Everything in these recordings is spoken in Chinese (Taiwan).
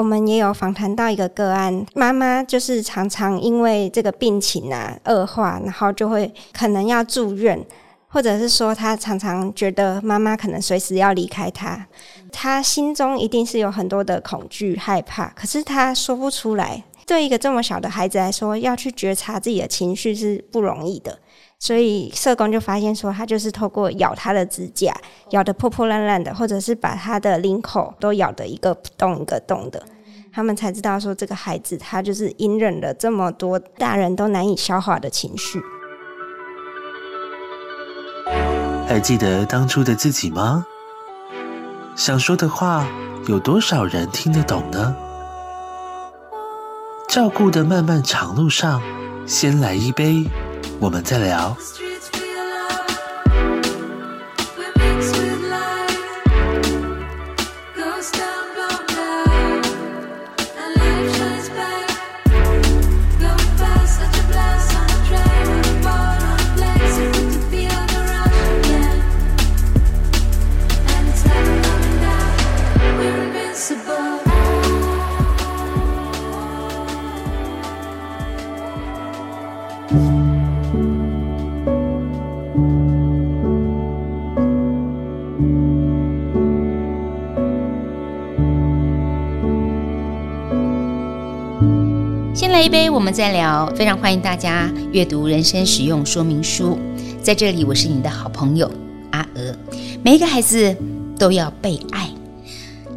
我們也有訪談到一個個案，媽媽就是常常因為這個病情啊惡化，然後就會可能要住院，或者是說他常常覺得媽媽可能隨時要離開他，他心中一定是有很多的恐懼害怕，可是他說不出來。對一個這麼小的孩子來說，要去覺察自己的情緒是不容易的。所以社工就發現說，他就是透過咬他的指甲，咬得破破爛爛的，或者是把他的領口都咬得一個洞一個洞的，他們才知道說這個孩子他就是隱忍了這麼多大人都難以消化的情緒。還記得當初的自己嗎？想說的話，有多少人聽得懂呢？照顧的漫漫長路上，先來一杯。我們再聊。一杯，我們再聊。非常歡迎大家閱讀《人生使用說明書》。在這裡，我是你的好朋友阿娥。每一個孩子都要被愛。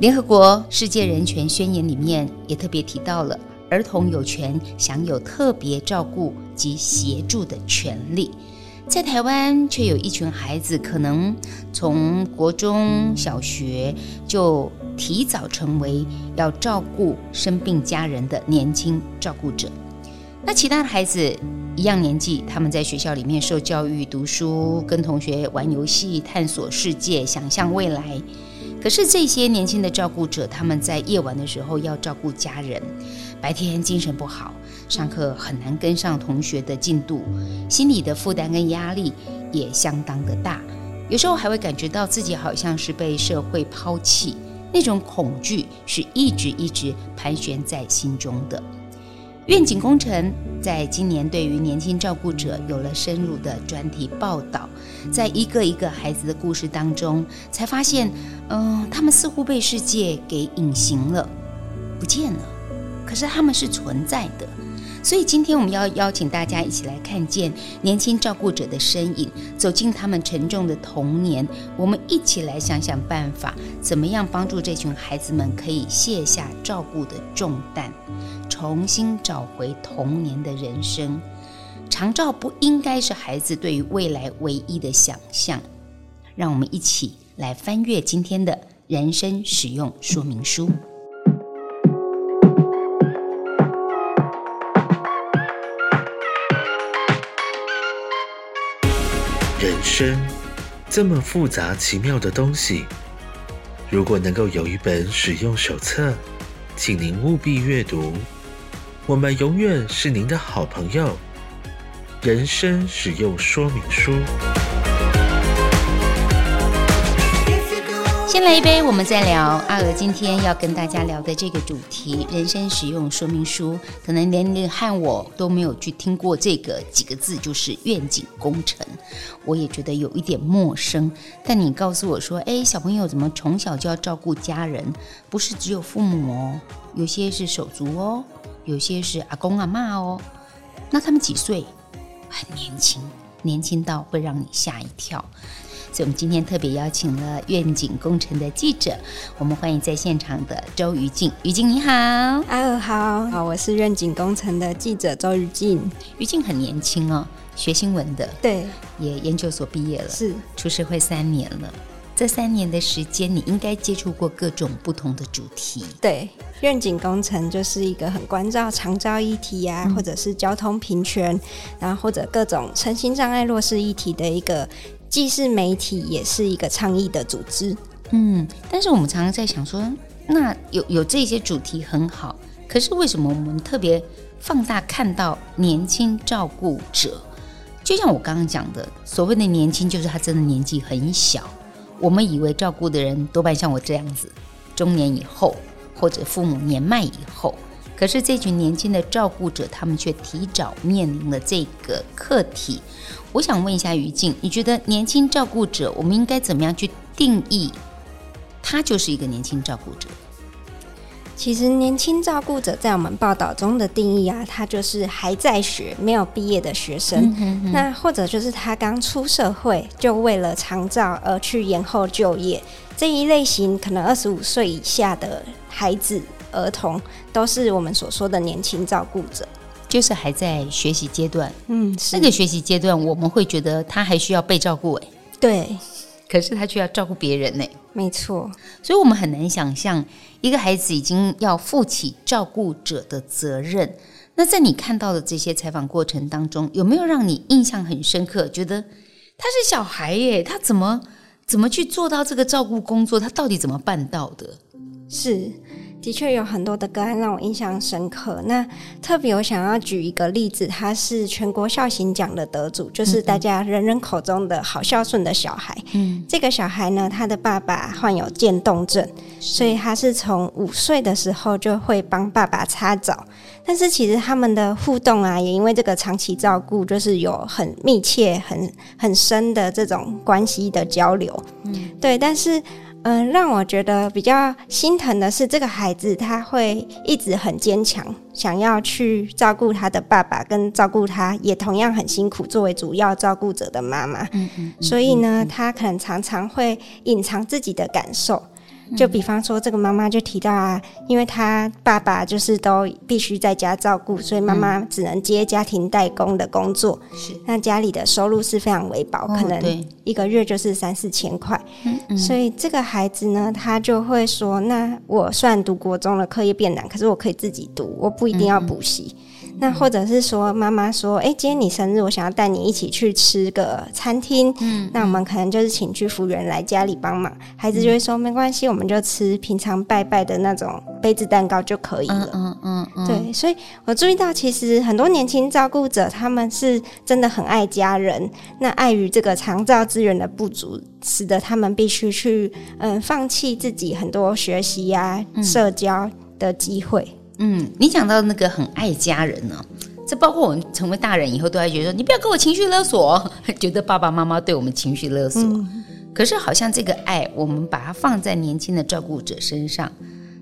聯合國《世界人權宣言》裡面也特別提到了，兒童有權享有特別照顧及協助的權利。在台灣，卻有一群孩子可能從國中小學就，提早成為要照顧生病家人的年輕照顧者，那其他的孩子一樣年紀，他們在學校裡面受教育，讀書，跟同學玩遊戲，探索世界，想象未來。可是這些年輕的照顧者，他們在夜晚的時候要照顧家人，白天精神不好，上課很難跟上同學的進度，心理的負擔跟壓力也相當的大，有時候還會感覺到自己好像是被社會拋棄。那種恐懼是一直一直盤旋在心中的。願景工程在今年對於年輕照顧者有了深入的專題報道，在一個一個孩子的故事當中，才發現，嗯、呃，他們似乎被世界給隱形了，不見了，可是他們是存在的。所以今天我們要邀請大家一起來看見年輕照顧者的身影，走進他們沉重的童年。我們一起來想想辦法，怎麼樣幫助這群孩子們可以卸下照顧的重擔，重新找回童年的人生。長照不應該是孩子對於未來唯一的想象。讓我們一起來翻閱今天的人生使用說明書。人生這麼複雜奇妙的東西，如果能夠有一本使用手冊，請您務必閱讀。我們永遠是您的好朋友。人生使用說明書。先來一杯，我們再聊。阿娥今天要跟大家聊的這個主題《人生使用說明書》，可能連你和我都沒有去聽過這個幾個字，就是願景工程。我也覺得有一點陌生。但你告訴我說，誒，小朋友怎麼從小就要照顧家人？不是只有父母哦，有些是手足哦，有些是阿公阿嬤哦。那他們幾歲？很年輕，年輕到會讓你嚇一跳。所以我們今天特別邀請了願景工程的記者，我們歡迎在現場的周妤靜。妤靜你好，阿娥好，好，我是願景工程的記者周妤靜。妤靜很年輕哦，學新聞的，對，也研究所畢業了，是，出社會三年了。這三年的時間，你應該接觸過各種不同的主題。對，願景工程就是一個很關照長照議題啊、嗯，或者是交通平權，然後或者各種身心障礙弱勢議題的一個。既是媒體，也是一個倡議的組織。嗯，但是我們常常在想說，那有有這些主題很好，可是為什麼我們特別放大看到年輕照顧者？就像我剛剛講的，所謂的年輕，就是他真的年紀很小。我們以為照顧的人多半像我這樣子，中年以後或者父母年邁以後。可是這群年輕的照顧者，他們卻提早面臨了這個課題。我想問一下於靜，你覺得年輕照顧者，我們應該怎麼樣去定義？他就是一個年輕照顧者。其實年輕照顧者在我們報道中的定義啊，他就是還在學、沒有畢業的學生， 那或者就是他剛出社會，就為了長照而去延後就業這一類型，可能二十五歲以下的孩子。兒童都是我們所說的年輕照顧者，就是還在學習階段。嗯，那個學習階段我們會覺得他還需要被照顧，哎，對。可是他卻要照顧別人呢？沒錯。所以我們很難想象一個孩子已經要負起照顧者的責任。那在你看到的這些採訪過程當中，有沒有讓你印象很深刻？覺得他是小孩耶，他怎麼怎麼去做到這個照顧工作？他到底怎麼辦到的？是。的確有很多的個案讓我印象深刻。那特別，我想要舉一個例子，他是全國孝行獎的得主，就是大家人人口中的好孝順的小孩。嗯，嗯，這個小孩呢，他的爸爸患有漸凍症，所以他是從五歲的時候就會幫爸爸擦澡。但是其實他們的互動啊，也因為這個長期照顧，就是有很密切、很很深的這種關係的交流。嗯，對，但是。嗯，讓我覺得比較心疼的是，這個孩子他會一直很堅強，想要去照顧他的爸爸，跟照顧他也同樣很辛苦，作為主要照顧者的媽媽。嗯嗯嗯，所以呢，他可能常常會隱藏自己的感受。就比方說，這個媽媽就提到啊，因為他爸爸就是都必須在家照顧，所以媽媽只能接家庭代工的工作。是、嗯，那家裡的收入是非常微薄，可能一個月就是三四千塊、哦。所以這個孩子呢，他就會說，那我算讀國中的課業變難，可是我可以自己讀，我不一定要補習。嗯嗯那或者是說，媽媽說：“哎、欸，今天你生日，我想要帶你一起去吃個餐廳。”嗯，那我們可能就是請居服員來家裡幫忙，孩子就會說：“沒關係，我們就吃平常拜拜的那種杯子蛋糕就可以了。嗯”嗯嗯嗯，對。所以我注意到，其實很多年輕照顧者他們是真的很愛家人，那礙於這個長照資源的不足，使得他們必須去嗯放棄自己很多學習啊、社交的機會。嗯嗯，你講到那個很愛家人呢、哦，這包括我們成為大人以後，都還覺得說你不要給我情緒勒索，覺得爸爸媽媽對我們情緒勒索、嗯。可是好像這個愛，我們把它放在年輕的照顧者身上，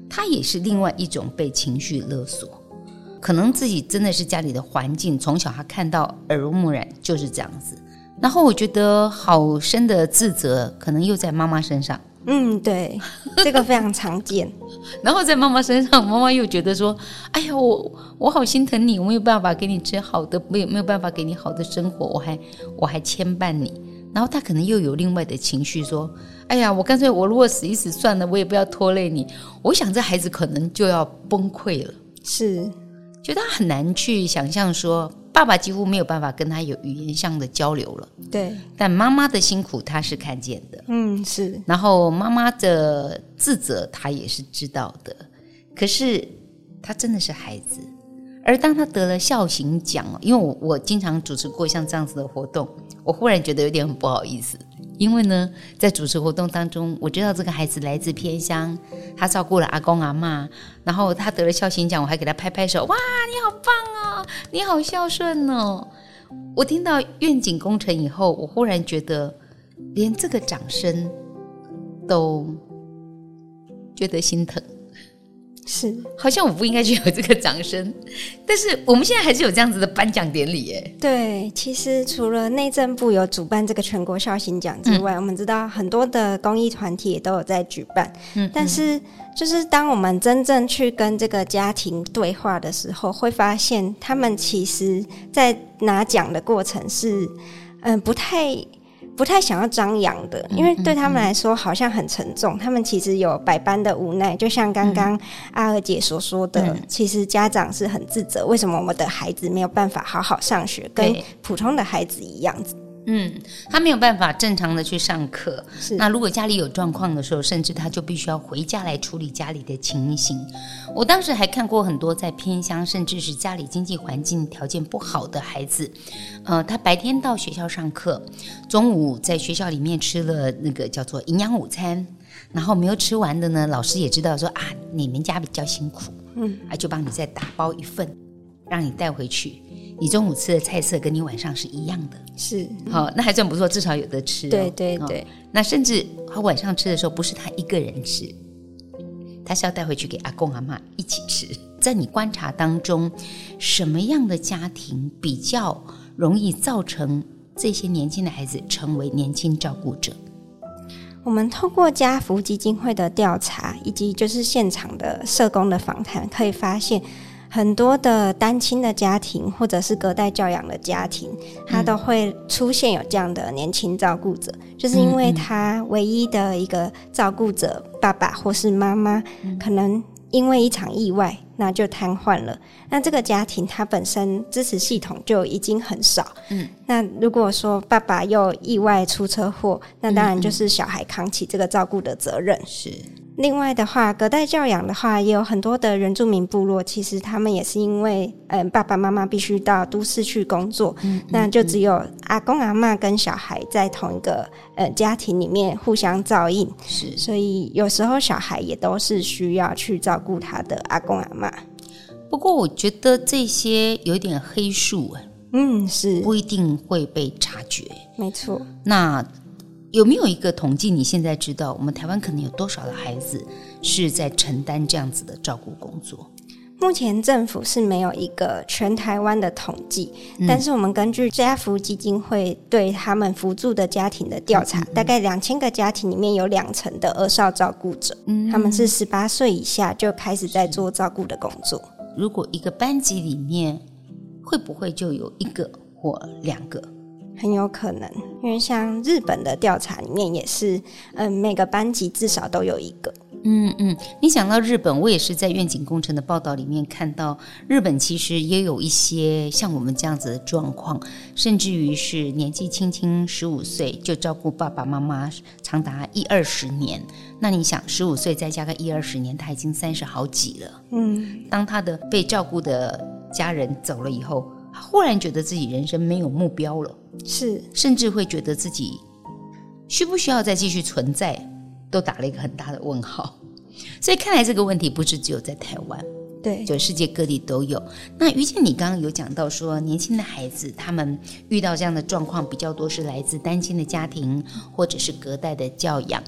它也是另外一種被情緒勒索。可能自己真的是家裡的環境，從小他看到耳濡目染就是這樣子。然後我覺得好深的自責，可能又在媽媽身上。嗯，對，這個非常常見。 然後在媽媽身上，媽媽又覺得說：“哎呀，我我好心疼你，我沒有辦法給你吃好的，沒有沒有辦法給你好的生活，我還我還牽絆你。”然後他可能又有另外的情緒說：“哎呀，我乾脆我如果死一死算了，我也不要拖累你。”我想這孩子可能就要崩潰了，是覺得很難去想象說。爸爸幾乎沒有辦法跟他有語言上的交流了。對，但媽媽的辛苦他是看見的。嗯，是。然後媽媽的自責他也是知道的，可是他真的是孩子。而當他得了孝行獎，因為我我經常主持過像這樣子的活動，我忽然覺得有點很不好意思，因為呢，在主持活動當中，我知道這個孩子來自偏鄉，他照顧了阿公阿嬤，然後他得了孝行獎，我還給他拍拍手，哇，你好棒哦，你好孝順哦。我聽到願景工程以後，我忽然覺得連這個掌聲都覺得心疼。是，好像我不應該去有這個掌聲，但是我們現在還是有這樣子的頒獎典禮，耶。對，其實除了內政部有主辦這個全國孝行獎之外、嗯，我們知道很多的公益團體也都有在舉辦，嗯，但是就是當我們真正去跟這個家庭對話的時候，會發現他們其實在拿獎的過程是，嗯、呃，不太不太想要張揚的，因為對他們來說，嗯嗯嗯，好像很沉重。他們其實有百般的無奈，就像剛剛阿娥姐所說的，嗯，其實家長是很自責，為什麼我們的孩子沒有辦法好好上學，跟普通的孩子一樣。嗯，他沒有辦法正常的去上課。是，那如果家裡有狀況的時候，甚至他就必須要回家來處理家裡的情形。我當時還看過很多在偏鄉，甚至是家裡經濟環境條件不好的孩子，呃，他白天到學校上課，中午在學校裡面吃了那個叫做營養午餐，然後沒有吃完的呢，老師也知道說啊，你們家比較辛苦，嗯，啊就幫你再打包一份，讓你帶回去。你中午吃的菜色跟你晚上是一樣的，是好，嗯哦，那還算不錯，至少有得吃哦。對對對哦，那甚至他晚上吃的時候不是他一個人吃，他是要帶回去給阿公阿嬤，一起吃。在你觀察當中，什麼樣的家庭比較容易造成這些年輕的孩子成為年輕照顧者？我們透過家扶基金會的調查，以及就是現場的社工的訪談，可以發現。很多的單親的家庭，或者是隔代教養的家庭，他都會出現有這樣的年輕照顧者，就是因為他唯一的一個照顧者，爸爸或是媽媽，可能因為一場意外，那就癱瘓了。那這個家庭，他本身支持系統就已經很少。嗯，那如果說爸爸又意外出車禍，那當然就是小孩扛起這個照顧的責任。是。另外的話，隔代教養的話，也有很多的原住民部落，其實他們也是因為，嗯，爸爸媽媽必須到都市去工作，嗯、那就只有阿公阿嬤跟小孩在同一個呃、嗯、家庭裡面互相照應，是，所以有時候小孩也都是需要去照顧他的阿公阿嬤。不過我覺得這些有點黑數，嗯，是，不一定會被察覺，沒錯。那。有沒有一個統計？你現在知道我們台灣可能有多少的孩子是在承擔這樣子的照顧工作？目前政府是沒有一個全台灣的統計，嗯、但是我們根據家扶基金會對他們扶助的家庭的調查，嗯嗯，大概兩千個家庭裡面有兩成的兒少照顧者，嗯嗯，他們是十八歲以下就開始在做照顧的工作。如果一個班級裡面會不會就有一個或兩個？很有可能，因為像日本的調查裡面也是，嗯，每個班級至少都有一個。嗯嗯，你想到日本，我也是在願景工程的報道裡面看到，日本其實也有一些像我們這樣子的狀況，甚至於是年紀輕輕十五歲就照顧爸爸媽媽長達一二十年。那你想，十五歲再加個一二十年，他已經三十好幾了。嗯，當他的被照顧的家人走了以後。忽然覺得自己人生沒有目標了，是，甚至會覺得自己需不需要再繼續存在，都打了一個很大的問號。所以看來這個問題不是只有在台灣，對，就世界各地都有。那於靜你剛剛有講到說，年輕的孩子他們遇到這樣的狀況比較多，是來自單親的家庭，或者是隔代的教養。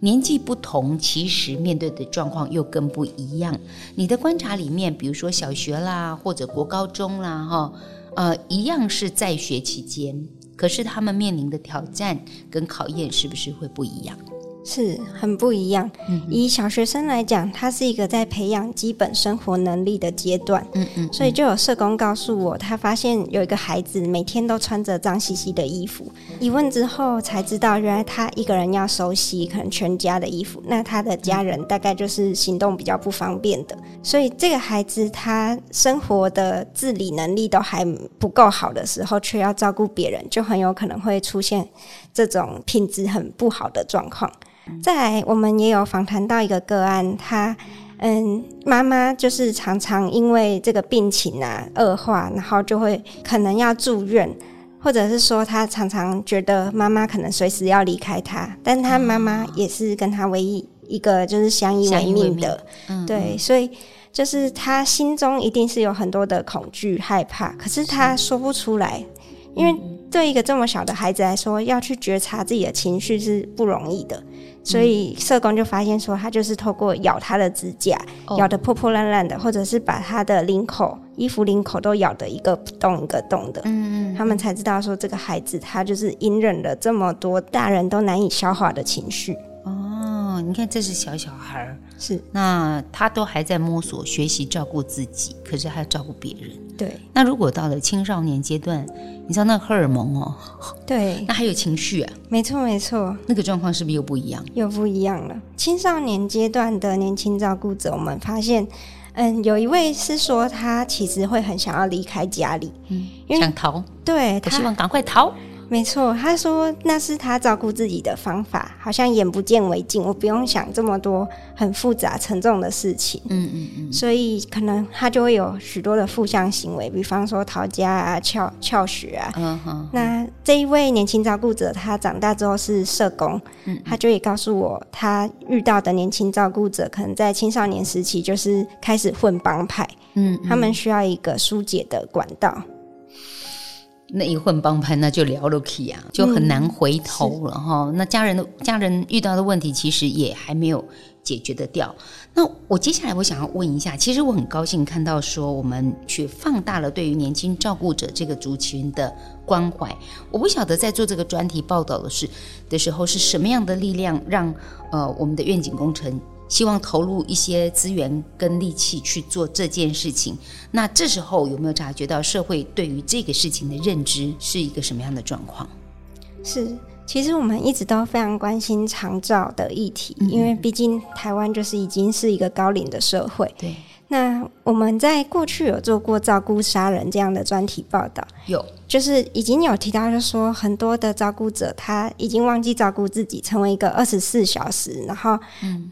年紀不同，其實面對的狀況又更不一樣。你的觀察裡面，比如說小學啦，或者國高中啦，哈，呃，一樣是在學期間，可是他們面臨的挑戰跟考驗是不是會不一樣？是很不一樣。以小學生來講，他是一個在培養基本生活能力的階段。嗯嗯，所以就有社工告訴我，他發現有一個孩子每天都穿着髒兮兮的衣服。一問之後才知道，原來他一個人要收洗可能全家的衣服。那他的家人大概就是行動比較不方便的，所以這個孩子他生活的自理能力都還不夠好的時候，卻要照顧別人，就很有可能會出現這種品質很不好的狀況。再來，我們也有訪談到一個個案，他嗯，媽媽就是常常因為這個病情啊惡化，然後就會可能要住院，或者是說他常常覺得媽媽可能隨時要離開他，但他媽媽也是跟他唯一一個就是相依為命的，命，對，嗯嗯，所以就是他心中一定是有很多的恐懼、害怕，可是他說不出來，因為對一個這麼小的孩子來說，要去覺察自己的情緒是不容易的。所以社工就發現說，他就是透過咬他的指甲，oh. 咬得破破爛爛的，或者是把他的領口、衣服領口都咬得一個洞一個洞的。嗯、mm -hmm.，他們才知道說，這個孩子他就是隱忍了這麼多大人都難以消化的情緒。哦、oh,，你看，這是小小孩兒。是，那他都還在摸索學習照顧自己，可是還要照顧別人。對，那如果到了青少年階段，你知道那荷爾蒙哦，對，那還有情緒啊，沒錯沒錯，那個狀況是不是又不一樣？又不一樣了。青少年階段的年輕照顧者，我們發現，嗯，有一位是說他其實會很想要離開家裡，嗯，因為想逃，對，他希望趕快逃。沒錯，他說那是他照顧自己的方法，好像眼不見為淨，我不用想這麼多很複雜沉重的事情。嗯嗯嗯，所以可能他就會有許多的負向行為，比方說逃家啊、翹翹學啊。嗯、哦哦、那這一位年輕照顧者，他長大之後是社工，嗯，嗯，他就也告訴我，他遇到的年輕照顧者，可能在青少年時期就是開始混幫派，嗯，嗯，他們需要一個疏解的管道。那一混幫派，那就聊下去啊，就很難回頭了哈、嗯。那家人的家人遇到的問題，其實也還沒有解決得掉。那我接下來我想要問一下，其實我很高興看到說，我們去放大了對於年輕照顧者這個族群的關懷。我不曉得在做這個專題報道的是的時候，是什麼樣的力量讓呃我們的願景工程。希望投入一些資源跟力氣去做這件事情。那這時候有沒有察覺到社會對於這個事情的認知是一個什麼樣的狀況？是，其實我們一直都非常關心長照的議題，因為畢竟台灣就是已經是一個高齡的社會。嗯嗯對。那我們在過去有做過照顧殺人這樣的專題報道，有，就是已經有提到，就是說很多的照顧者他已經忘記照顧自己，成為一個二十四小時然後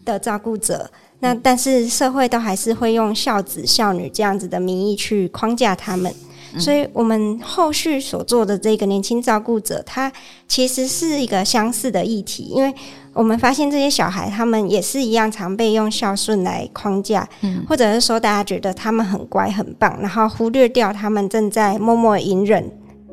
的照顧者，嗯。那但是社會都還是會用孝子孝女這樣子的名義去框架他們，嗯。所以我們後續所做的這個年輕照顧者，他其實是一個相似的議題，因為。我們發現這些小孩，他們也是一樣常被用孝順來框架，嗯，或者是說大家覺得他們很乖很棒，然後忽略掉他們正在默默隱忍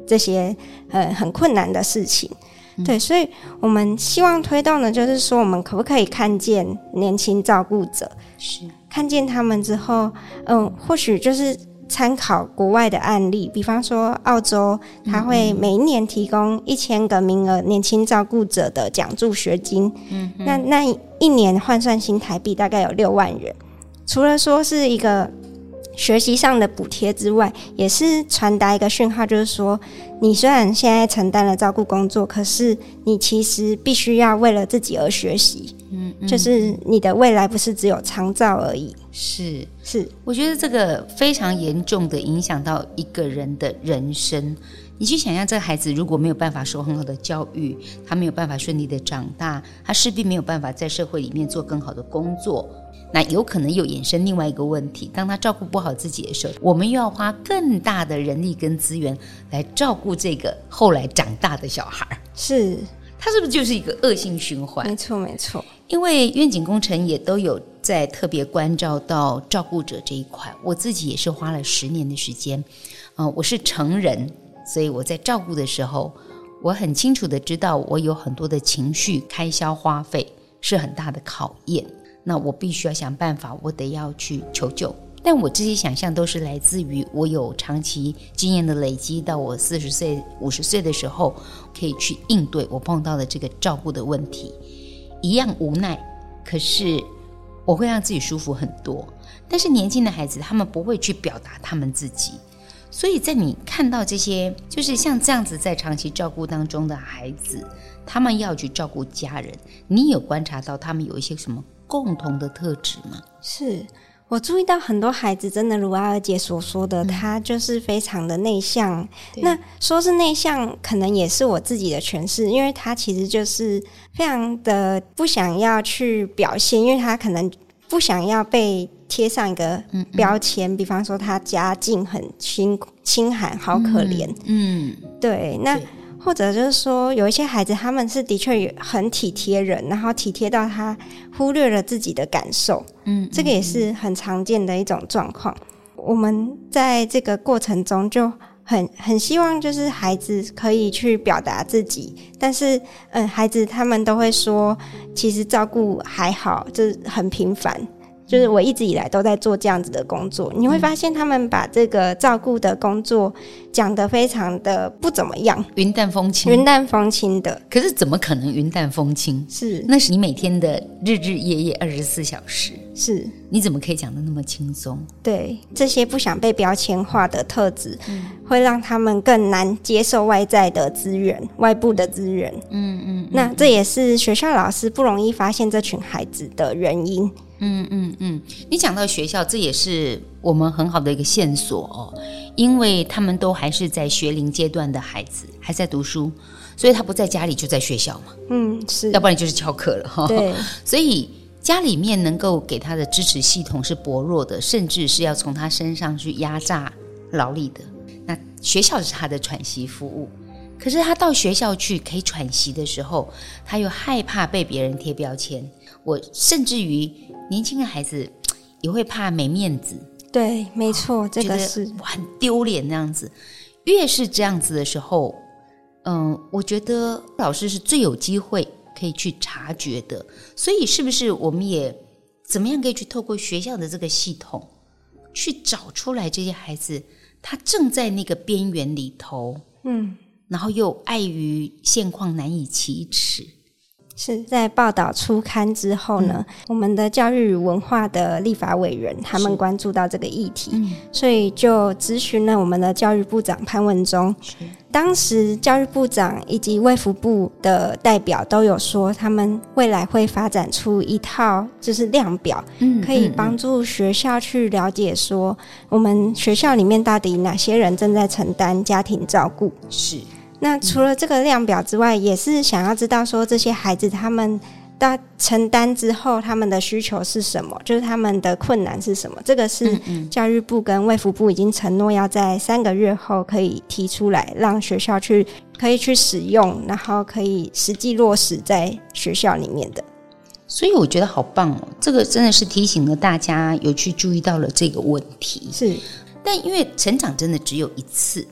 這些呃很困難的事情。嗯。對，所以我們希望推動的，就是說我們可不可以看見年輕照顧者，是看見他們之後，嗯，呃，或許就是。參考國外的案例，比方說澳洲，他會每一年提供一千個名額，年輕照顧者的獎助學金，嗯，那那一年換算新台幣大概有六萬元，除了說是一個。學習上的補貼之外，也是傳達一個訊號，就是說，你雖然現在承擔了照顧工作，可是你其實必須要為了自己而學習，嗯，嗯，就是你的未來不是只有長照而已。是是，我覺得這個非常嚴重的影響到一個人的人生。你去想象，這個孩子如果沒有辦法受很好的教育，他沒有辦法順利的長大，他勢必沒有辦法在社會裡面做更好的工作。那有可能又衍生另外一個問題，當他照顧不好自己的時候，我們又要花更大的人力跟資源來照顧這個後來長大的小孩兒。是，他是不是就是一個惡性循環？沒錯，沒錯。因為願景工程也都有在特別關照到照顧者這一塊。我自己也是花了十年的時間，嗯、呃，我是成人，所以我在照顧的時候，我很清楚的知道我有很多的情緒開銷花費是很大的考驗。那我必須要想辦法，我得要去求救。但我這些想象都是來自於我有長期經驗的累積，到我四十歲、五十歲的時候，可以去應對我碰到的這個照顧的問題。一樣無奈，可是我會讓自己舒服很多。但是年輕的孩子，他們不會去表達他們自己。所以在你看到這些，就是像這樣子在長期照顧當中的孩子，他們要去照顧家人，你有觀察到他們有一些什麼？共同的特質嗎？是我注意到很多孩子真的如阿爾姐所說的，嗯，他就是非常的內向。那說是內向，可能也是我自己的詮釋，因為他其實就是非常的不想要去表現，因為他可能不想要被貼上一個標籤，嗯嗯，比方說他家境很清、清寒，好可憐。嗯，嗯，對，那。或者就是說，有一些孩子他們是的確很體貼人，然後體貼到他忽略了自己的感受，嗯，嗯，嗯，這個也是很常見的一種狀況。我們在這個過程中就很很希望，就是孩子可以去表達自己，但是嗯，孩子他們都會說，其實照顧還好，就是很平凡。就是我一直以來都在做這樣子的工作，你會發現他們把這個照顧的工作講得非常的不怎麼樣，雲淡風輕，雲淡風輕的。可是怎麼可能雲淡風輕？是，那是你每天的日日夜夜二十四小時。是，你怎麼可以講得那麼輕鬆？對，這些不想被標籤化的特質，嗯，會讓他們更難接受外在的資源、外部的資源。嗯嗯，嗯嗯，那這也是學校老師不容易發現這群孩子的原因。嗯嗯嗯，你講到學校，這也是我們很好的一個線索哦，因為他們都還是在學齡階段的孩子，還在讀書，所以他不在家裡就在學校嘛。嗯，是，要不然就是翹課了哈、哦。對，所以家裡面能夠給他的支持系統是薄弱的，甚至是要從他身上去壓榨勞力的。那學校是他的喘息服務，可是他到學校去可以喘息的時候，他又害怕被別人貼標籤。我甚至於。年輕的孩子也會怕沒面子，對，沒錯，啊，這個是很丟臉那樣子。越是這樣子的時候，嗯，我覺得老師是最有機會可以去察覺的。所以，是不是我們也怎麼樣可以去透過學校的這個系統去找出來這些孩子，他正在那個邊緣裡頭，嗯，然後又礙於現況難以啟齒。是在報道初刊之後呢，嗯、我們的教育與文化的立法委員他們關注到這個議題，嗯、所以就諮詢了我們的教育部長潘文忠。當時教育部長以及衛福部的代表都有說，他們未來會發展出一套就是量表，嗯嗯嗯嗯，可以幫助學校去了解說，我們學校裡面到底哪些人正在承擔家庭照顧。是。那除了這個量表之外，也是想要知道說這些孩子他們到承擔之後，他們的需求是什麼，就是他們的困難是什麼。這個是教育部跟衛福部已經承諾要在三個月後可以提出來，讓學校去可以去使用，然後可以實際落實在學校裡面的。所以我覺得好棒哦，這個真的是提醒了大家有去注意到了這個問題。是，但因為成長真的只有一次，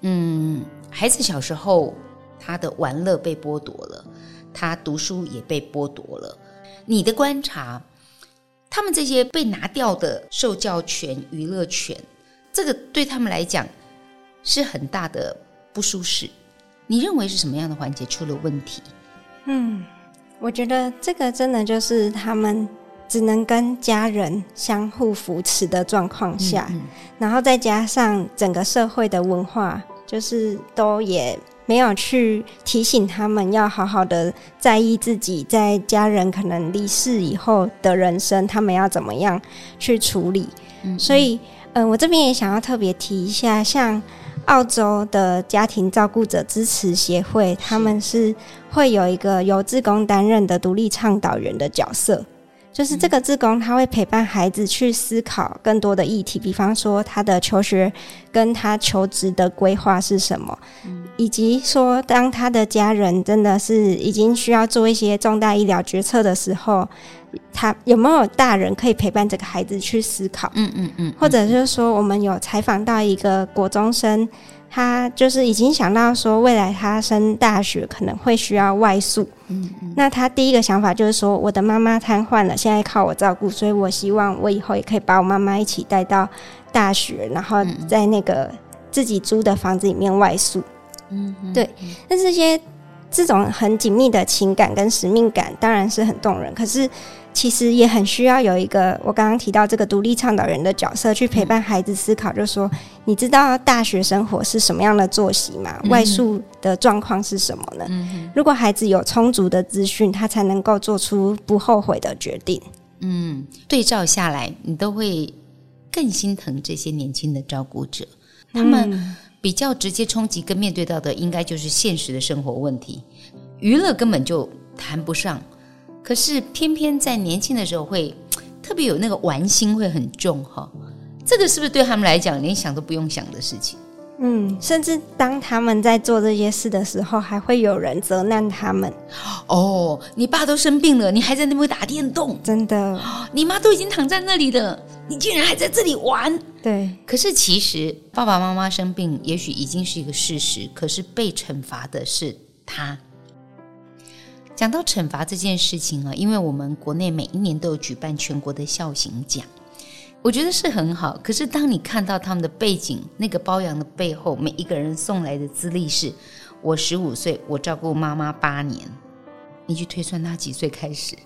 嗯。孩子小時候，他的玩樂被剝奪了，他讀書也被剝奪了。你的觀察，他們這些被拿掉的受教權、娛樂權，這個對他們來講是很大的不舒適。你認為是什麼樣的環節出了問題？嗯，我覺得這個真的就是他們只能跟家人相互扶持的狀況下，嗯嗯、然後再加上整個社會的文化。就是都也沒有去提醒他們要好好的在意自己，在家人可能離世以後的人生，他們要怎麼樣去處理。嗯、所以，嗯、呃，我這邊也想要特別提一下，像澳洲的家庭照顧者支持協會，他們是會有一個由志工擔任的獨立倡導人的角色。就是這個志工，他會陪伴孩子去思考更多的議題，比方說他的求學跟他求職的規劃是什麼，以及說當他的家人真的是已經需要做一些重大醫療決策的時候，他有沒有大人可以陪伴這個孩子去思考？嗯嗯嗯，或者就是說我們有採訪到一個國中生。他就是已經想到說，未來他升大學可能會需要外宿。嗯嗯。那他第一個想法就是說，我的媽媽癱瘓了，現在靠我照顧，所以我希望我以後也可以把我媽媽一起帶到大學，然後在那個自己租的房子裡面外宿。嗯，嗯，對。那這些這種很緊密的情感跟使命感，當然是很動人。可是。其實也很需要有一個，我剛剛提到，這個獨立倡導人的角色，去陪伴孩子思考，就是說、嗯、你知道大學生活是什麼樣的作息嗎？嗯、外宿的狀況是什麼呢？嗯？如果孩子有充足的資訊，他才能夠做出不後悔的決定。嗯，對照下來，你都會更心疼這些年輕的照顧者，嗯、他們比較直接衝擊跟面對到的，應該就是現實的生活問題，娛樂根本就談不上。可是，偏偏在年輕的時候會特別有那個玩心，會很重哈。這個是不是對他們來講，連想都不用想的事情？嗯，甚至當他們在做這些事的時候，還會有人責難他們。哦，你爸都生病了，你還在那邊打電動，真的？你媽都已經躺在那裡了，你竟然還在這裡玩？對。可是，其實爸爸媽媽生病，也許已經是一個事實。可是被懲罰的是他。講到懲罰這件事情啊，因為我們國內每一年都有舉辦全國的孝行獎，我覺得是很好。可是當你看到他們的背景，那個褒揚的背後，每一個人送來的資歷是：我十五歲，我照顧媽媽八年。你去推算她幾歲開始，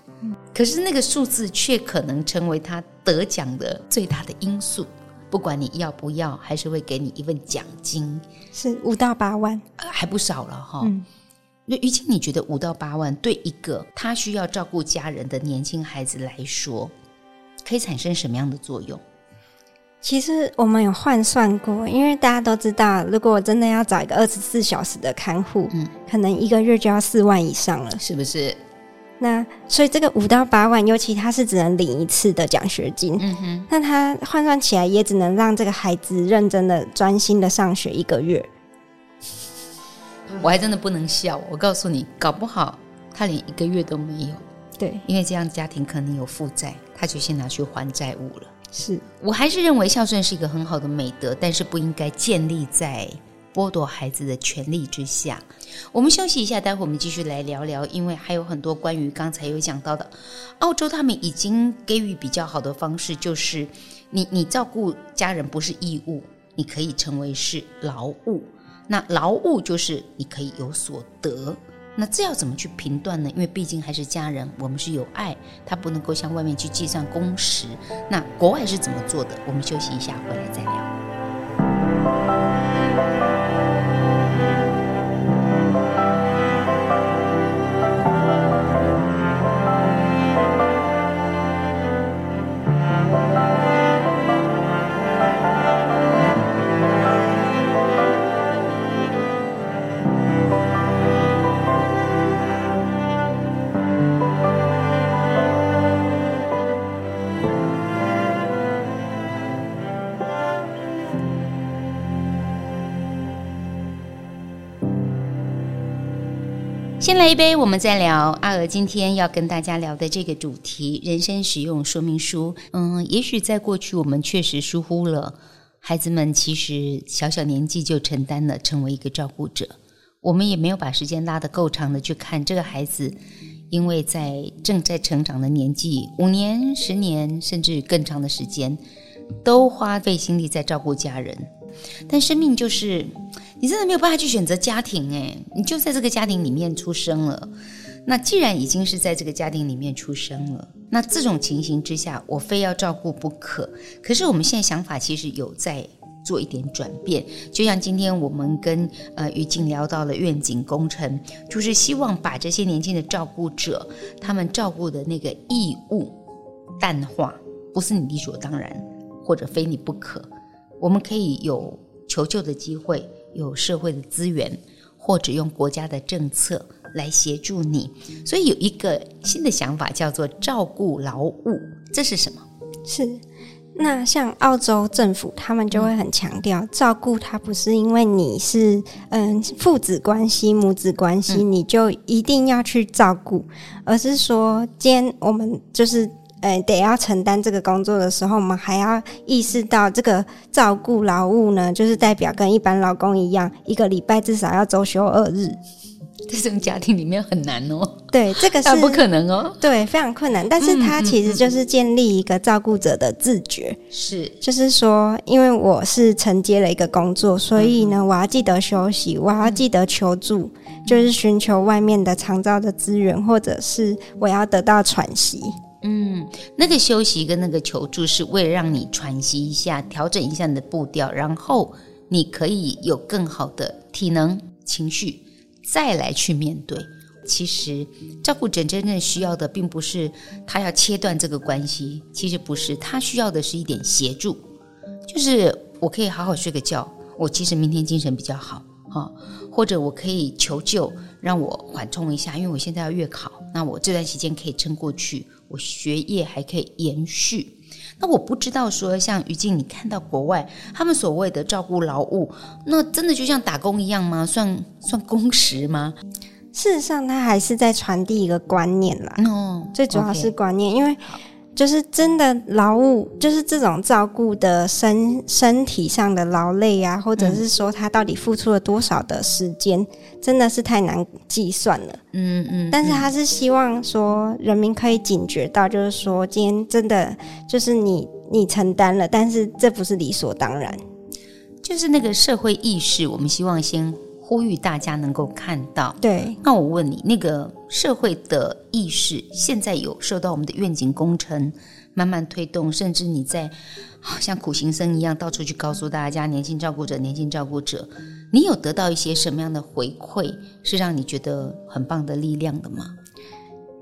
可是那個數字卻可能成為他得獎的最大的因素。不管你要不要，還是會給你一份獎金，是五到八萬，還不少了哈、哦。嗯那於靜，你覺得五到八萬對一個他需要照顧家人的年輕孩子來說，可以產生什麼樣的作用？其實我們有換算過，因為大家都知道，如果真的要找一個二十四小時的看護，嗯，可能一個月就要四萬以上了，是不是？那所以這個五到八萬，尤其他是只能領一次的獎學金，嗯哼，那他換算起來也只能讓這個孩子認真的、專心的上學一個月。我還真的不能笑，我告訴你，搞不好他連一個月都沒有。對，因為這樣家庭可能有負債，他就先拿去還債務了。是。我還是認為孝順是一個很好的美德，但是不應該建立在剝奪孩子的權利之下。我們休息一下，待會我們繼續來聊聊，因為還有很多關於剛才有講到的，澳洲他們已經給予比較好的方式，就是你你照顧家人不是義務，你可以成為是勞務。那勞務就是你可以有所得，那這要怎麼去評斷呢？因為畢竟還是家人，我們是有愛，他不能夠向外面去計算工時。那國外是怎麼做的？我們休息一下，回來再聊。先來一杯，我們再聊。阿娥今天要跟大家聊的這個主題《人生使用說明書》。嗯，也許在過去，我們確實疏忽了孩子們。其實小小年紀就承擔了成為一個照顧者，我們也沒有把時間拉得夠長的去看這個孩子。因為在正在成長的年紀，五年、十年甚至更長的時間，都花費心力在照顧家人。但生命就是。你真的沒有辦法去選擇家庭哎你就在這個家庭裡面出生了。那既然已經是在這個家庭裡面出生了，那這種情形之下，我非要照顧不可。可是我們現在想法其實有在做一點轉變，就像今天我們跟呃於靜聊到了願景工程，就是希望把這些年輕的照顧者，他們照顧的那個義務淡化，不是你理所當然或者非你不可，我們可以有求救的機會。有社會的資源，或者用國家的政策來協助你，所以有一個新的想法叫做“照顧勞務”。這是什麼？是那像澳洲政府，他們就會很強調、嗯、照顧，他不是因為你是嗯父子關係、母子關係、嗯，你就一定要去照顧，而是說，今天我們就是。呃，得要承擔這個工作的時候，我們還要意識到這個照顧勞務呢，就是代表跟一般勞工一樣，一個禮拜至少要周休二日。這種家庭裡面很難哦。對，這個是不可能哦。對，非常困難。但是它其實就是建立一個照顧者的自覺，是、嗯嗯嗯，就是說，因為我是承接了一個工作，所以呢，我要記得休息，我要記得求助，嗯、就是尋求外面的長照的資源，或者是我要得到喘息。嗯，那個休息跟那個求助是為了讓你喘息一下，調整一下你的步調，然後你可以有更好的體能、情緒，再來去面對。其實照顧者真正需要的，並不是他要切斷這個關係，其實不是，他需要的是一點協助，就是我可以好好睡個覺，我其實明天精神比較好，啊、哦，或者我可以求救，讓我緩衝一下，因為我現在要月考，那我這段時間可以撐過去。我學業還可以延續，那我不知道說像於靜，你看到國外他們所謂的照顧勞務，那真的就像打工一樣嗎？算算工時嗎？事實上，他還是在傳遞一個觀念啦。哦、oh，最主要是觀念，okay. 因為。就是真的勞務，就是這種照顧的身身體上的勞累啊，或者是說他到底付出了多少的時間，嗯，真的是太難計算了。嗯嗯。但是他是希望說，人民可以警覺到，就是說，今天真的就是你你承擔了，但是這不是理所當然，就是那個社會意識，我們希望先，呼籲大家能夠看到。對，那我問你，那個社會的意識現在有受到我們的願景工程慢慢推動，甚至你在好像苦行僧一樣到處去告訴大家“年輕照顧者，年輕照顧者”，你有得到一些什麼樣的回饋，是讓你覺得很棒的力量的嗎？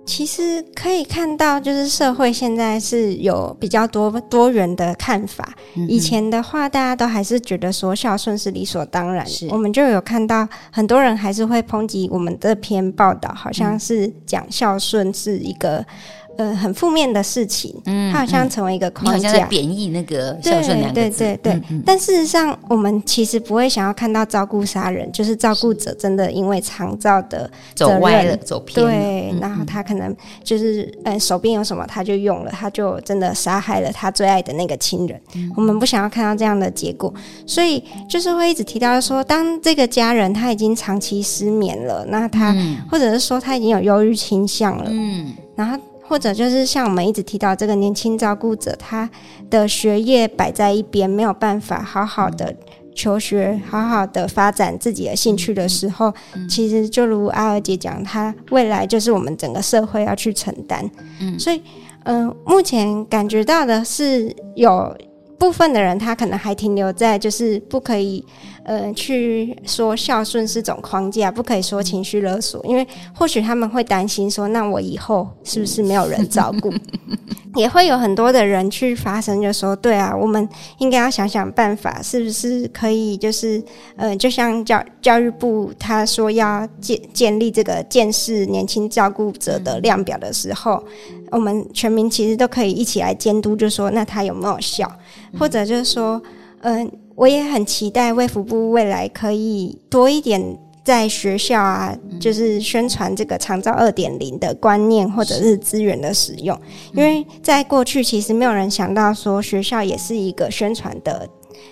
其實可以看到，就是社會現在是有比較多多元的看法。嗯、以前的話，大家都還是覺得說孝順是理所當然。我們就有看到很多人還是會抨擊我們這篇報道，好像是講孝順是一個。呃，很負面的事情，嗯，嗯，他好像成為一個框架，貶義那個孝順兩個字，對對對對、嗯，但事實上，我們其實不會想要看到照顧殺人，就是照顧者真的因為長照的責任走歪了，走偏了，對、嗯嗯，然後他可能就是呃、嗯、手邊有什麼他就用了，他就真的殺害了他最愛的那個親人、嗯。我們不想要看到這樣的結果，所以就是會一直提到說，當這個家人他已經長期失眠了，那他、嗯、或者是說他已經有憂鬱傾向了，嗯，然後。或者就是像我們一直提到這個年輕照顧者，他的學業擺在一邊，沒有辦法好好的求學，好好的發展自己的興趣的時候，其實就如阿娥姐講，他未來就是我們整個社會要去承擔。嗯，所以嗯、呃，目前感覺到的是有部分的人，他可能還停留在就是不可以。呃，去說孝順是種框架，不可以說情緒勒索，因為或許他們會擔心說，那我以後是不是沒有人照顧？ 也會有很多的人去發聲，就說，對啊，我們應該要想想辦法，是不是可以，就是呃，就像教教育部他說要建建立這個辨識年輕照顧者的量表的時候，我們全民其實都可以一起來監督，就說，那他有沒有效，或者就是說，嗯、呃。我也很期待衛福部未來可以多一點在學校啊，就是宣傳這個“長照二點零”的觀念或者是資源的使用，因為在過去其實沒有人想到說，學校也是一個宣傳的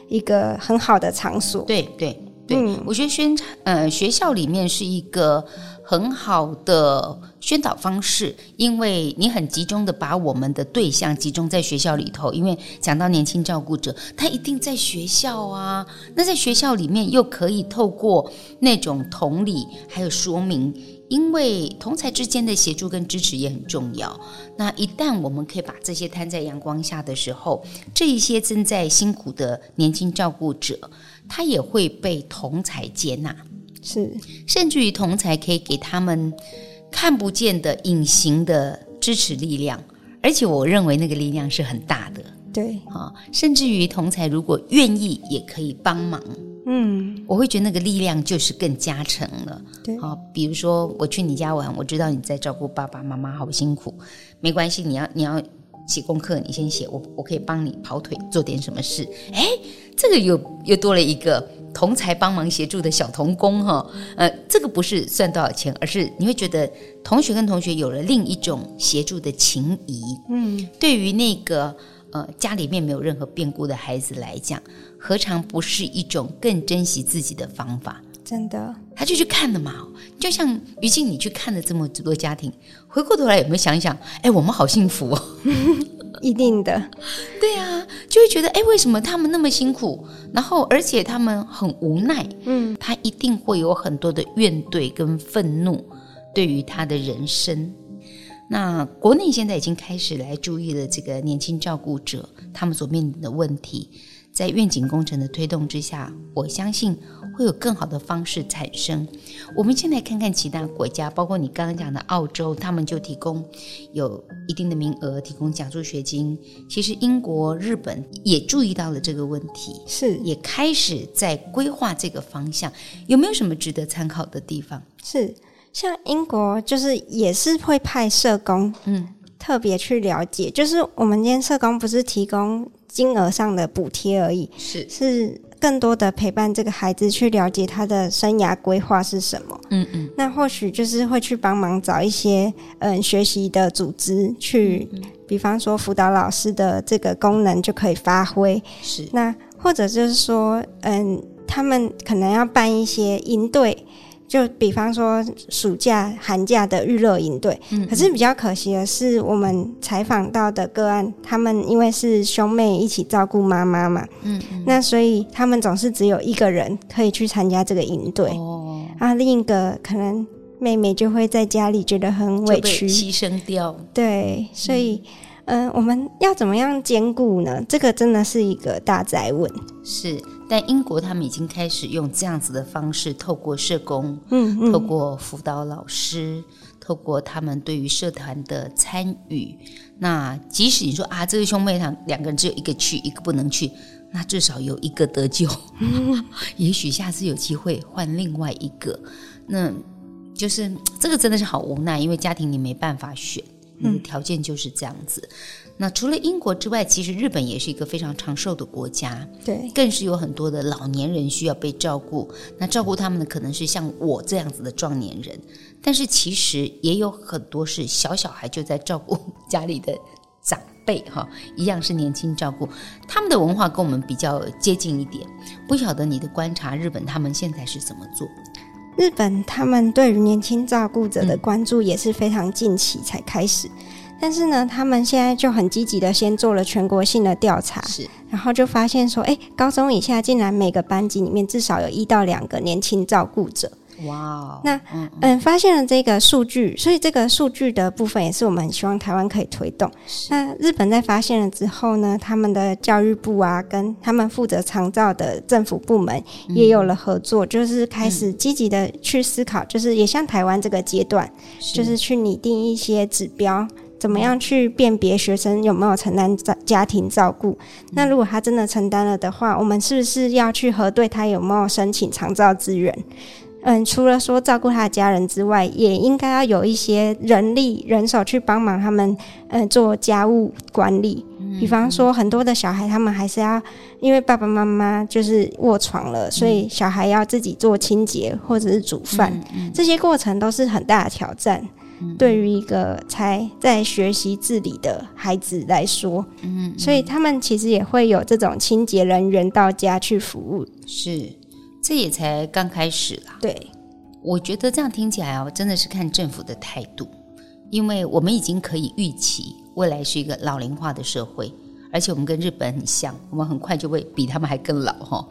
一個很好的場所，對。對對。對，我覺得宣傳，呃，學校裡面是一個很好的宣導方式，因為你很集中的把我們的對象集中在學校裡頭，因為講到年輕照顧者，他一定在學校啊。那在學校裡面，又可以透過那種同理，還有說明，因為同儕之間的協助跟支持也很重要。那一旦我們可以把這些攤在陽光下的時候，這一些正在辛苦的年輕照顧者，他也會被同儕接納，是甚至於同儕可以給他們看不見的、隱形的支持力量，而且我認為那個力量是很大的。對啊、哦，甚至於同儕如果願意，也可以幫忙。嗯，我會覺得那個力量就是更加成了。對啊、哦，比如說我去你家玩，我知道你在照顧爸爸媽媽，好辛苦。沒關係，你要你要寫功課，你先寫，我我可以幫你跑腿，做點什麼事。誒這個又又多了一個同才幫忙協助的小童工哈、哦，呃，這個不是算多少錢，而是你會覺得同學跟同學有了另一種協助的情誼。嗯，對於那個呃家裡面沒有任何變故的孩子來講，何嘗不是一種更珍惜自己的方法？真的，他就去看了嘛，就像於靜你去看了這麼多家庭，回過頭來有沒有想一想？哎，我們好幸福、哦。 一定的，對啊，就會覺得，誒，為什麼他們那麼辛苦？然後，而且他們很無奈，嗯，他一定會有很多的怨懟跟憤怒，對於他的人生。那國內現在已經開始來注意了，這個年輕照顧者他們所面臨的問題。在願景工程的推動之下，我相信會有更好的方式產生。我們先來看看其他國家，包括你剛剛講的澳洲，他們就提供有一定的名額，提供獎助學金。其實英國、日本也注意到了這個問題，是也開始在規劃這個方向。有沒有什麼值得參考的地方？是像英國，就是也是會派社工，嗯，特別去了解。就是我們今天社工不是提供。金額上的補貼而已，是，是更多的陪伴這個孩子去了解他的生涯規劃是什麼？嗯嗯，那或許就是會去幫忙找一些嗯，學習的組織去，嗯嗯，比方說輔導老師的這個功能就可以發揮。是，那或者就是說，嗯，他們可能要辦一些營隊就比方說暑假、寒假的育樂營隊，可是比較可惜的是，我們採訪到的個案，他們因為是兄妹一起照顧媽媽嘛，嗯，嗯，那所以他們總是只有一個人可以去參加這個營隊，哦，啊，另一個可能妹妹就會在家裡覺得很委屈，犧牲掉，對，所以，嗯，呃、我們要怎麼樣兼顧呢？這個真的是一個大哉問，是。但英國他們已經開始用這樣子的方式，透過社工，嗯，嗯，透過輔導老師，透過他們對於社團的參與，那即使你說啊，這個兄妹倆兩個人只有一個去，一個不能去，那至少有一個得救，嗯，也許下次有機會換另外一個，那就是這個真的是好無奈，因為家庭你沒辦法選。嗯，條件就是這樣子。那除了英國之外，其實日本也是一個非常長壽的國家，對，更是有很多的老年人需要被照顧。那照顧他們的可能是像我這樣子的壯年人，但是其實也有很多是小小孩就在照顧家裡的長輩，哈、哦，一樣是年輕照顧。他們的文化跟我們比較接近一點，不曉得你的觀察，日本他們現在是怎麼做？日本他們對於年輕照顧者的關注也是非常近期才開始，嗯、但是呢，他們現在就很積極的先做了全國性的調查，是，然後就發現說，哎、欸，高中以下竟然每個班級裡面至少有一到兩個年輕照顧者。哇、wow，哦！那嗯、呃，發現了這個數據，所以這個數據的部分也是我們很希望台灣可以推動。那日本在發現了之後呢，他們的教育部啊，跟他們負責長照的政府部門也有了合作，嗯、就是開始積極的去思考、嗯，就是也像台灣這個階段，就是去擬定一些指標，怎麼樣去辨別學生有沒有承擔家家庭照顧、嗯？那如果他真的承擔了的話，我們是不是要去核對他有沒有申請長照資源？嗯，除了說照顧他的家人之外，也應該要有一些人力人手去幫忙他們，嗯，做家務管理。嗯嗯嗯，比方說很多的小孩，他們還是要因為爸爸媽媽就是臥床了，所以小孩要自己做清潔或者是煮飯。嗯嗯嗯，這些過程都是很大的挑戰。嗯嗯嗯，對於一個才在學習自理的孩子來說，嗯，嗯，嗯，所以他們其實也會有這種清潔人員到家去服務。是。這也才剛開始啦。對，我覺得這樣聽起來哦，真的是看政府的態度，因為我們已經可以預期未來是一個老齡化的社會，而且我們跟日本很像，我們很快就會比他們還更老哈，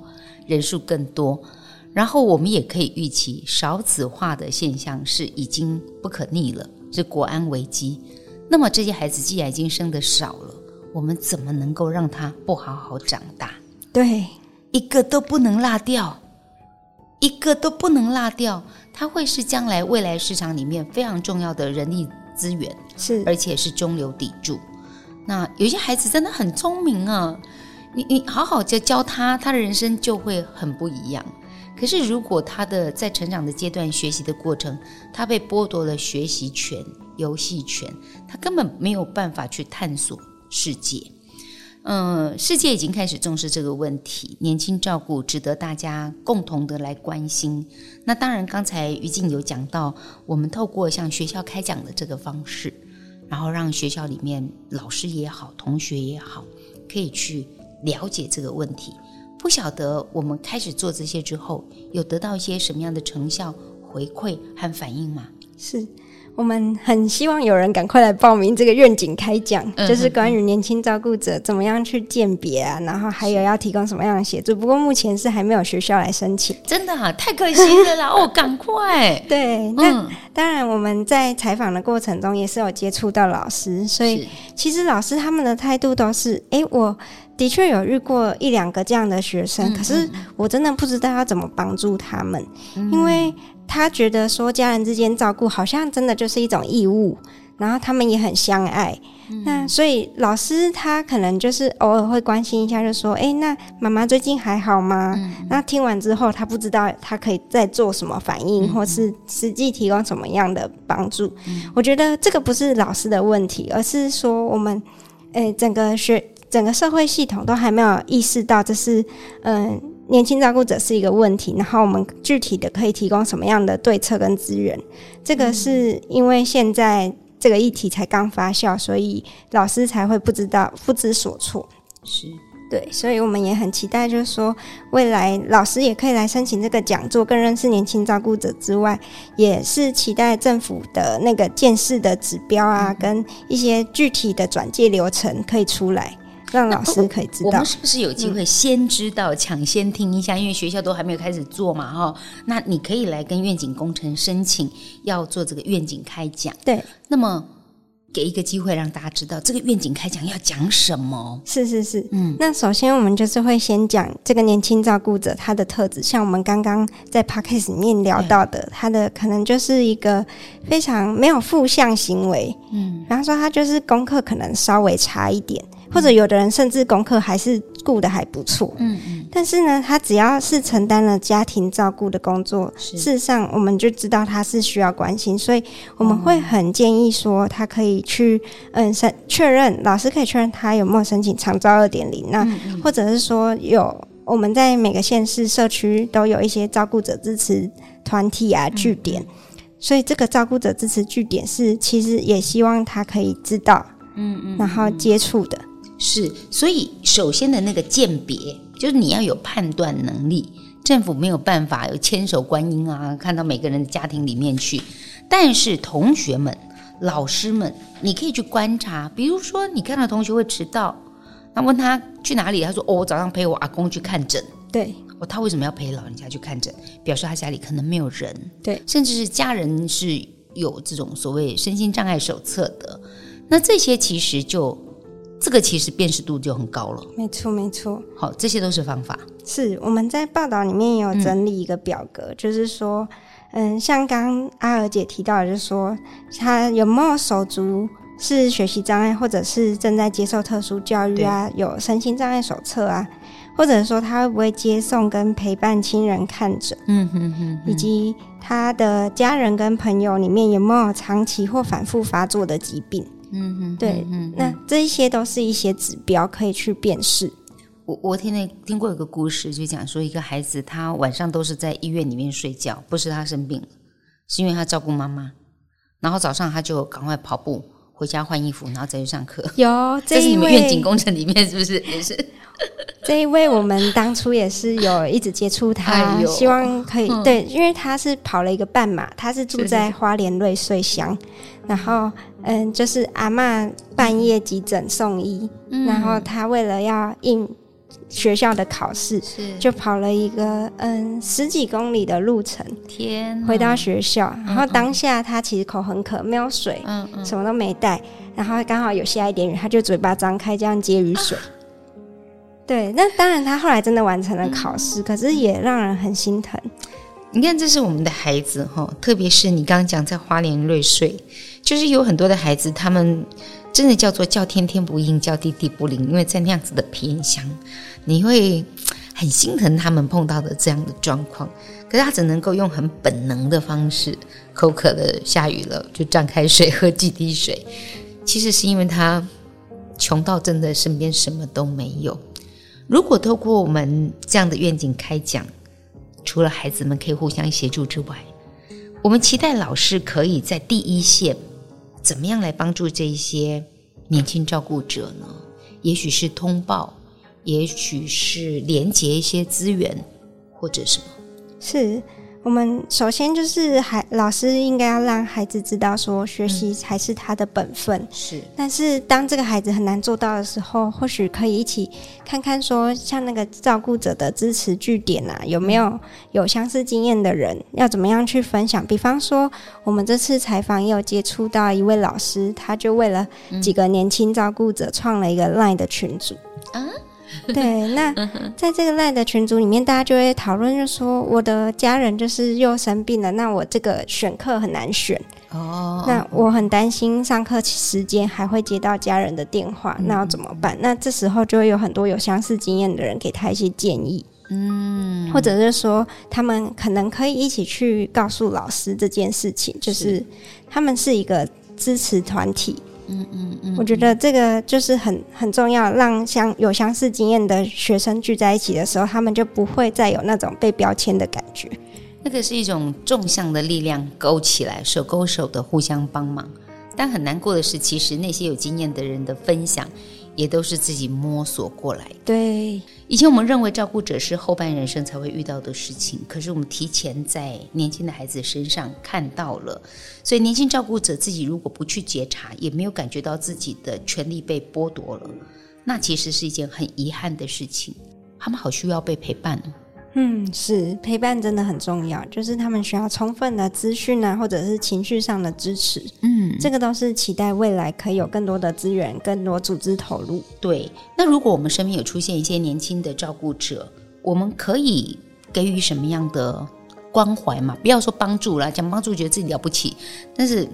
人數更多。然後我們也可以預期少子化的現象是已經不可逆了，是國安危機。那麼這些孩子既然已經生得少了，我們怎麼能夠讓他不好好長大？對，一個都不能落掉。一個都不能落掉，他會是將來未來市場裡面非常重要的人力資源，是而且是中流砥柱。那有些孩子真的很聰明啊，你你好好教教他，他的人生就會很不一樣。可是如果他的在成長的階段學習的過程，他被剝奪了學習權、遊戲權，他根本沒有辦法去探索世界。嗯，世界已經開始重視這個問題，年輕照顧者值得大家共同的來關心。那當然，剛才於靜有講到，我們透過向學校開講的這個方式，然後讓學校裡面老師也好，同學也好，可以去了解這個問題。不曉得我們開始做這些之後，有得到一些什麼樣的成效回饋和反應嗎是。我們很希望有人趕快來報名這個願景開講，嗯，就是關於年輕照顧者怎麼樣去鑑別啊，然後還有要提供什麼樣的協助。不過目前是還沒有學校來申請，真的哈、啊，太可惜了啦！ 哦，趕快。對，那、嗯、當然我們在採訪的過程中也是有接觸到老師，所以其實老師他們的態度都是：誒、欸，我的確有遇過一兩個這樣的學生嗯嗯，可是我真的不知道要怎麼幫助他們，嗯、因為。他覺得說家人之間照顧好像真的就是一種義務，然後他們也很相愛。嗯、那所以老師他可能就是偶爾會關心一下，就說：“誒、欸，那媽媽最近還好嗎？”嗯、那聽完之後，他不知道他可以再做什麼反應，嗯、或是實際提供什麼樣的幫助、嗯。我覺得這個不是老師的問題，而是說我們誒、欸、整個學整個社會系統都還沒有意識到這是嗯。呃年輕照顧者是一個問題，然後我們具體的可以提供什麼樣的對策跟資源？這個是因為現在這個議題才剛發酵，所以老師才會不知道、不知所措。是，對，所以我們也很期待，就是說未來老師也可以來申請這個講座，更認識年輕照顧者之外，也是期待政府的那個辨識的指標啊，跟一些具體的轉介流程可以出來。讓老師可以知道，我們是不是有機會先知道、嗯，搶先聽一下？因為學校都還沒有開始做嘛，哈、哦。那你可以來跟願景工程申請要做這個願景開講。對，那麼給一個機會讓大家知道這個願景開講要講什麼。是是是，嗯。那首先我們就是會先講這個年輕照顧者他的特質，像我們剛剛在 Podcast 裡面聊到的，他的可能就是一個非常沒有負向行為，嗯。然後說他就是功課可能稍微差一點。或者有的人甚至功課還是顧得還不錯，嗯，嗯，但是呢，他只要是承擔了家庭照顧的工作，事實上我們就知道他是需要關心，所以我們會很建議說，他可以去嗯申確、嗯、認，老師可以確認他有沒有申請長照二點零，那、嗯嗯、或者是說有，我們在每個縣市社區都有一些照顧者支持團體啊據點、嗯，所以這個照顧者支持據點是其實也希望他可以知道，嗯嗯，嗯，然後接觸的。是，所以首先的那個鑑別就是你要有判斷能力。政府沒有辦法有千手觀音啊，看到每個人的家庭裡面去。但是同學們、老師們，你可以去觀察，比如說你看到同學會遲到，那問他去哪裡，他說：“哦，我早上陪我阿公去看診。”對，哦，他為什麼要陪老人家去看診？表示他家裡可能沒有人。對，甚至是家人是有這種所謂身心障礙手冊的，那這些其實就。這個其實辨識度就很高了，沒錯沒錯。好，這些都是方法。是我們在報道裡面也有整理一個表格，嗯，就是說，嗯，像剛阿娥姐提到的，就是說他有沒有手足是學習障礙，或者是正在接受特殊教育啊？有身心障礙手冊啊？或者說他會不會接送跟陪伴親人看診？嗯嗯嗯。以及他的家人跟朋友裡面有沒有長期或反复發作的疾病？嗯哼，對，嗯，那這一些都是一些指標，可以去辨識。我我聽了，聽過一個故事，就講說一個孩子，他晚上都是在醫院裡面睡覺，不是他生病，是因為他照顧媽媽。然後早上他就趕快跑步，回家換衣服，然後再去上課。有這，這是你們願景工程裡面是不是也是？ 這一位，我們當初也是有一直接觸他，希望可以，嗯、對，因為他是跑了一個半馬，他是住在花蓮瑞穗鄉，然後嗯，就是阿嬤半夜急診送醫，嗯，然後他為了要應學校的考試，是就跑了一個嗯十幾公里的路程，天回到學校，然後當下他其實口很渴，沒有水，嗯，嗯，什麼都沒帶，然後剛好有下一點雨，他就嘴巴張開這樣接雨水。啊對，那當然，他後來真的完成了考試，嗯，可是也讓人很心疼。你看，這是我們的孩子哈，特別是你剛剛講在花蓮瑞穗，就是有很多的孩子，他們真的叫做叫天天不應，叫地地不靈，因為在那樣子的偏鄉，你會很心疼他們碰到的這樣的狀況。可是他只能夠用很本能的方式，口渴了、下雨了就張開水喝幾滴水。其實是因為他窮到真的身邊什麼都沒有。如果透過我們這樣的願景開講，除了孩子們可以互相協助之外，我們期待老師可以在第一線，怎麼樣來幫助這些年輕照顧者呢？也許是通報，也許是連結一些資源，或者什麼？是。我們首先就是還老師應該要讓孩子知道說，學習才是他的本分，嗯。是，但是當這個孩子很難做到的時候，或許可以一起看看說，像那個照顧者的支持據點啊，有沒有有相似經驗的人，要怎麼樣去分享？比方說，我們這次採訪也有接觸到一位老師，他就為了幾個年輕照顧者創了一個 Line 的群組。嗯啊 對，那在這個 LINE 的群組裡面，大家就會討論，就說我的家人就是又生病了，那我這個選課很難選哦。Oh. 那我很擔心上課時間還會接到家人的電話，那要怎麼辦？Mm -hmm. 那這時候就會有很多有相似經驗的人給他一些建議，嗯、mm -hmm.，或者是說他們可能可以一起去告訴老師這件事情，就是他們是一個支持團體。嗯嗯嗯，我覺得這個就是很很重要，讓相有相似經驗的學生聚在一起的時候，他們就不會再有那種被標籤的感覺。那個是一種縱向的力量勾起來，手勾手的互相幫忙。但很難過的是，其實那些有經驗的人的分享。也都是自己摸索過來的。對，以前我們認為照顧者是後半人生才會遇到的事情，可是我們提前在年輕的孩子身上看到了。所以年輕照顧者自己如果不去覺察，也沒有感覺到自己的權利被剝奪了，那其實是一件很遺憾的事情。他們好需要被陪伴哦。嗯，是陪伴真的很重要，就是他們需要充分的資訊啊，或者是情緒上的支持。嗯，這個都是期待未來可以有更多的資源，更多組織投入。對，那如果我們身邊有出現一些年輕的照顧者，我們可以給予什麼樣的關懷嘛？不要說幫助啦，講幫助覺得自己了不起，但是。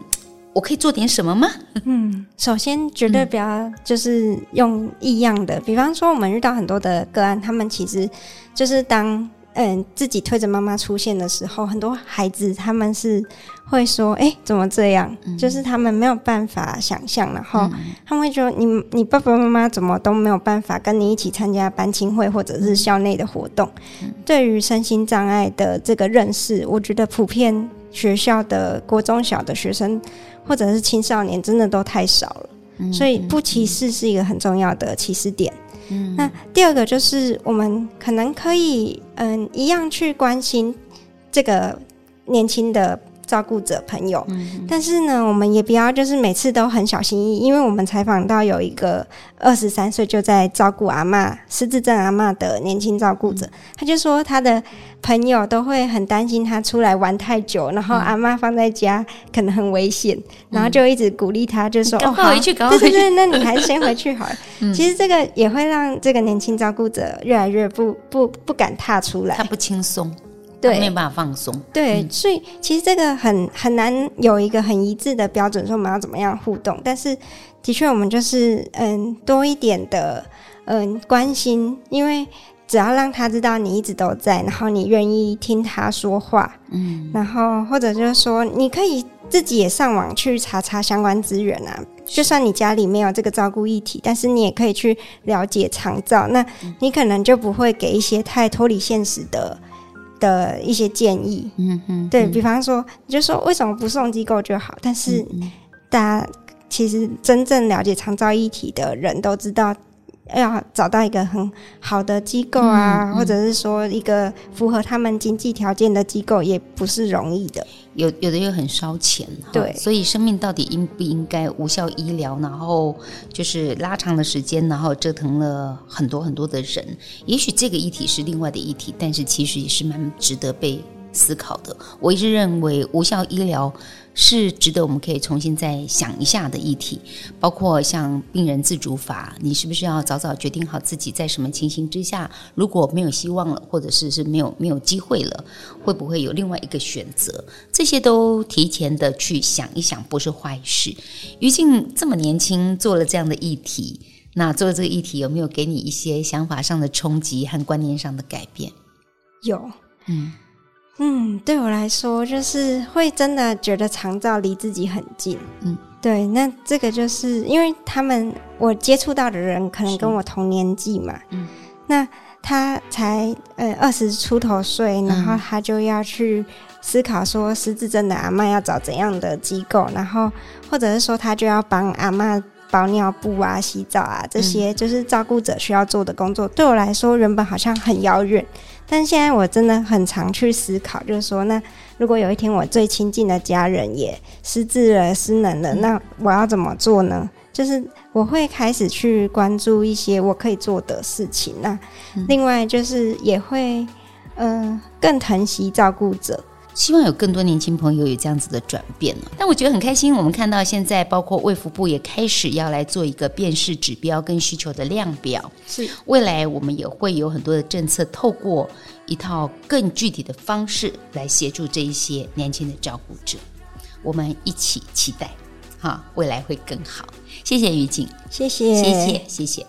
我可以做點什麼嗎？嗯，首先絕對不要就是用異樣的、嗯，比方說我們遇到很多的個案，他們其實就是當嗯、欸、自己推着媽媽出現的時候，很多孩子他們是會說：“誒、欸，怎麼這樣、嗯？”就是他們沒有辦法想象，然後他們會覺得：“你你爸爸媽媽怎麼都沒有辦法跟你一起參加班親會或者是校內的活動？”嗯、對於身心障礙的這個認識，我覺得普遍學校的國中小的學生。或者是青少年真的都太少了，嗯，所以不歧視是一個很重要的歧視點。嗯，那第二個就是我們可能可以嗯一樣去關心這個年輕的照顧者朋友、嗯，但是呢，我們也不要就是每次都很小心翼翼，因為我們採訪到有一個二十三歲就在照顧阿嬤、失智症阿嬤的年輕照顧者，他、嗯、就說他的朋友都會很擔心他出來玩太久，然後阿嬤放在家可能很危險、嗯，然後就一直鼓勵他，就說：“要、嗯哦、快回去，對對對，那你還是先回去好了。 嗯”其實這個也會讓這個年輕照顧者越來越不不不，不敢踏出來，他不輕鬆，沒有辦法放鬆，嗯、對，所以其實這個很很難有一個很一致的標準，說我們要怎麼樣互動。但是的確，我們就是嗯多一點的嗯關心，因為只要讓他知道你一直都在，然後你願意聽他說話，嗯，然後或者就是說，你可以自己也上網去查查相關資源啊。就算你家裡沒有這個照顧議題，但是你也可以去了解長照，那你可能就不會給一些太脫離現實的。的一些建議，對，比方說，你就說，為什麼不送機構就好？但是大家其實真正了解長照議題的人都知道。要找到一個很好的機構啊，嗯嗯，或者是說一個符合他們經濟條件的機構，也不是容易的。有有的又很燒錢，對，所以生命到底應不應該無效醫療？然後就是拉長了時間，然後折騰了很多很多的人。也許這個議題是另外的議題，但是其實也是蠻值得被。思考的。我一直認為無效醫療是值得我們可以重新再想一下的議題，包括像病人自主法，你是不是要早早決定好自己在什麼情形之下，如果沒有希望了，或者是是沒有沒有機會了，會不會有另外一個選擇？這些都提前的去想一想，不是壞事。於靜這麼年輕做了這樣的議題，那做了這個議題有沒有給你一些想法上的衝擊和觀念上的改變？有，嗯。嗯，對我來說，就是會真的覺得長照離自己很近。嗯，對，那這個就是因為他們我接觸到的人可能跟我同年紀嘛。嗯，那他才呃二十出頭歲，然後他就要去思考說，失智症的阿嬤要找怎樣的機構，然後或者是說，他就要幫阿嬤。包尿布啊，洗澡啊，這些就是照顧者需要做的工作，嗯。對我來說，原本好像很遙遠，但現在我真的很常去思考，就是說，那如果有一天我最親近的家人也失智了、失能了，嗯，那我要怎麼做呢？就是我會開始去關注一些我可以做的事情，啊。那，嗯、另外就是也會，嗯、呃，更疼惜照顧者。希望有更多年輕朋友有這樣子的轉變了，但我覺得很開心。我們看到現在，包括衛福部也開始要來做一個辨識指標跟需求的量表，是未來我們也會有很多的政策，透過一套更具體的方式來協助這一些年輕的照顧者。我們一起期待，哈，未來會更好。謝謝於靜，謝謝，謝謝，謝謝。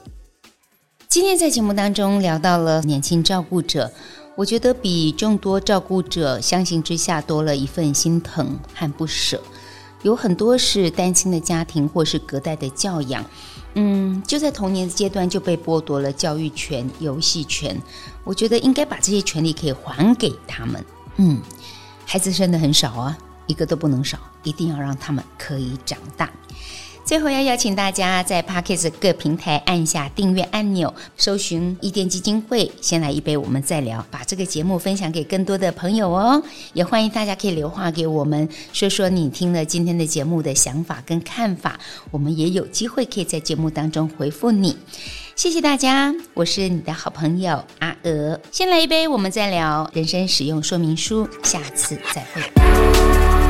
今天在節目當中聊到了年輕照顧者。我覺得比眾多照顧者相形之下多了一份心疼和不捨，有很多是單親的家庭或是隔代的教養，嗯，就在童年的階段就被剝奪了教育權、遊戲權，我覺得應該把這些權利可以還給他們，嗯，孩子生得很少啊，一個都不能少，一定要讓他們可以長大。最後要邀請大家在 Podcast 各平台按下訂閱按鈕，搜尋伊甸基金會。先來一杯，我們再聊。把這個節目分享給更多的朋友哦，也歡迎大家可以留話給我們，說說你聽了今天的節目的想法跟看法。我們也有機會可以在節目當中回覆你。謝謝大家，我是你的好朋友阿娥。先來一杯，我們再聊。人生使用說明書，下次再會。